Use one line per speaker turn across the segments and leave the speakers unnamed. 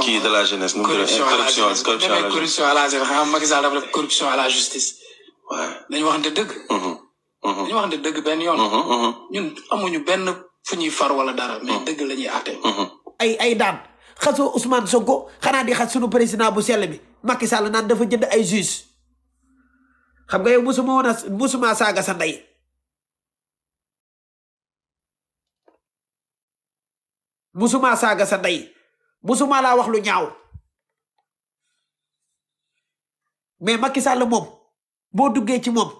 kii euh, de la jeunesse nu mu corruption corruption la corruption la jeunesse xam nga Macky corruption à la justice. dañu waxante dëgg. dañu mhm. mhm. waxante dëgg benn yoon. Mhm, ñun amuñu benn fu ñuy far wala dara. mais dëgg la ñuy àtte. ay daan xasoo Ousmane Sonko xanaa di xas sunu président bu sell bi Macky Sall naan dafa jënd ay juge xam nga musuma saaga sa ndey. musuma saaga sa ndey. musuma laa wax lu ñaaw mais Macky Sall moom boo duggee ci moom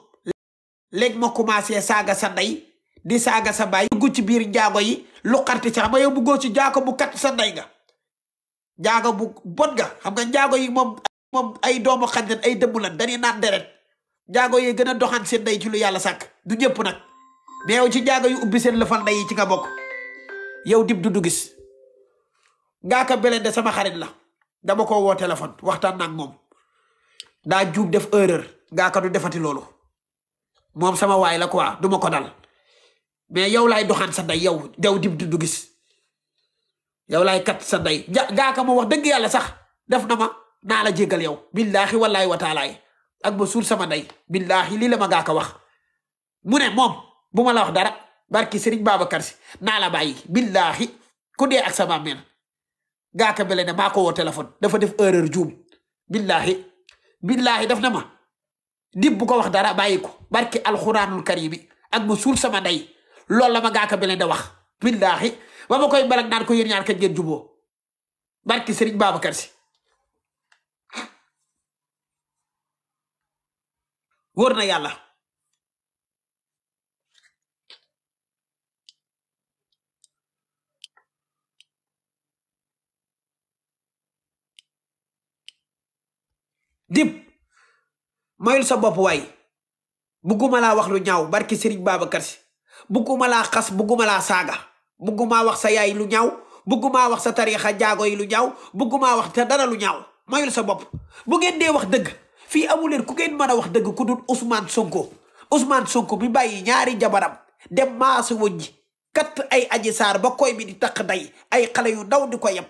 léegi ma commencé saaga sa ndey di saaga sa baay dugg ci biir njaago yi lu xarti ci xam nga yow bu ci njaago bu kat sa ndey nga njaago bu bon nga xam nga njaago yi moom moom ay doomu xaj ay dëmm lan dañuy naat deret njaago yee gën a doxaan seen ndey ci lu yàlla sàkk du ñëpp nag mais yow ci njaago yu ubbi seen lëfal ndey yi ci nga bokk yow dib du du ngaaka beleen de sama xarit la dama ko woo téléphone waxtaan nag moom daa juub def erreur ngaaka du defati loolu moom sama waay la quoi du ma ko dal mais yow laay doxaan sa ndey yow dew dib du gis yow laay kat sa ndey ngaaka ma wax dëgg yàlla sax def na ma naa la jégal yow billaahi wallaay wataalaay ak ba suur sama ndey billaahi lii la ma ngaaka wax mu ne moom bu ma la wax dara barki Serigne Babacar si naala la bàyyi billaahi ku dee ak sama mel gaaka bele ne maa ko woo téléphone dafa def erreur juum billahi billahi daf ma dib bu ko wax dara bàyyi ko barki alxuraanul karimi ak ma suul sama ndey loolu la ma gaaka bele da wax billahi ba ma koy mbalak naan ko yéen ñaar kat ngeen juboo barki sëriñ Babacar Si wóor na yàlla dib mayul sa bopp waay bugguma laa wax lu ñaaw barki Serigne Babacar Si bugguma laa xas bugguma laa saaga bugguma wax sa yaay lu ñaaw bugguma wax sa tarix jaago yi lu ñaaw bugguma wax te dara lu ñaaw mayul sa bopp bu ngeen dee wax dëgg fii amuleen ku ngeen mën a wax dëgg ku du Ousmane Sonko usmaan Sonko bi bàyyi ñaari jabaram dem maasa wëññi kat ay aji saar ba koy bi di taq day ay xale yu ndaw di ko yem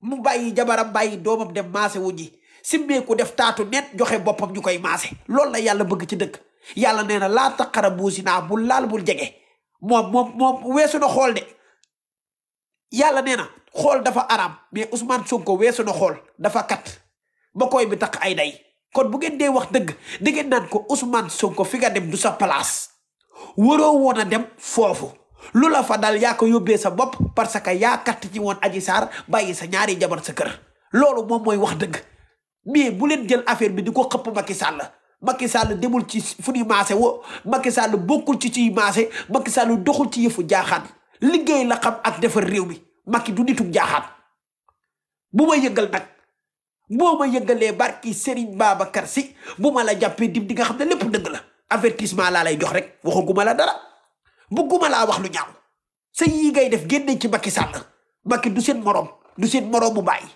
mu bàyyi jabaram bàyyi doomam dem maase wujji simmeeku def taatu neen joxe boppam ñu koy maase loolu la yàlla bëgg ci dëkk yàlla nee na laa taqrabu zinaa bul laal bul jege moom moom moom weesu na xool de yàlla nee na xool dafa araam mais Ousmane Sonko weesu na xool dafa kat ba koy bi tax ay day kon bu ngeen dee wax dëgg di ngeen naan ko Ousmane Sonko fi nga dem du sa place waroo woon a dem foofu lu la fa dal yaa ko yóbbee sa bopp parce que yaa kat ci woon aji saar bàyyi sa ñaari jabar sa kër loolu moom mooy wax dëgg mais bu leen jël affaire bi di ko xëpp Macky Sall Macky Sall demul ci fu ñuy maase wo Macky Sall bokkul ci ci maase Macky Sall doxul ci yëfu jaaxaan liggéey la xam ak defar réew mi makki du nitu jaaxaan bu ma yëngal nag boo ma yëngalee barki Serigne Babacar Sy bu ma la jàppee dim di nga xam ne lépp dëgg la avertissement laa lay jox rek waxaguma la dara bugguma laa wax lu ñaaw sa yii ngay def génne ci Macky Sall Macky du seen moroom du seen moroom bu bàyyi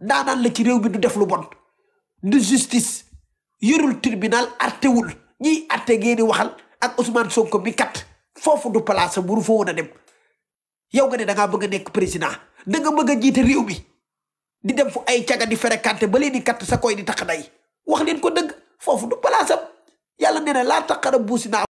daanaan la ci réew mi du def lu bon de justice yërul tribunal attewul ñiy atte ngeen di waxal ak Ousmane Sonko bi kat foofu du place buru fa a dem yow nga ne da ngaa bëgg a nekk président da nga bëgg a jiite mi di dem fu ay caga di ferekante ba leen di kat sa di tax day wax ko dëgg foofu du place am yàlla laa taqara buusi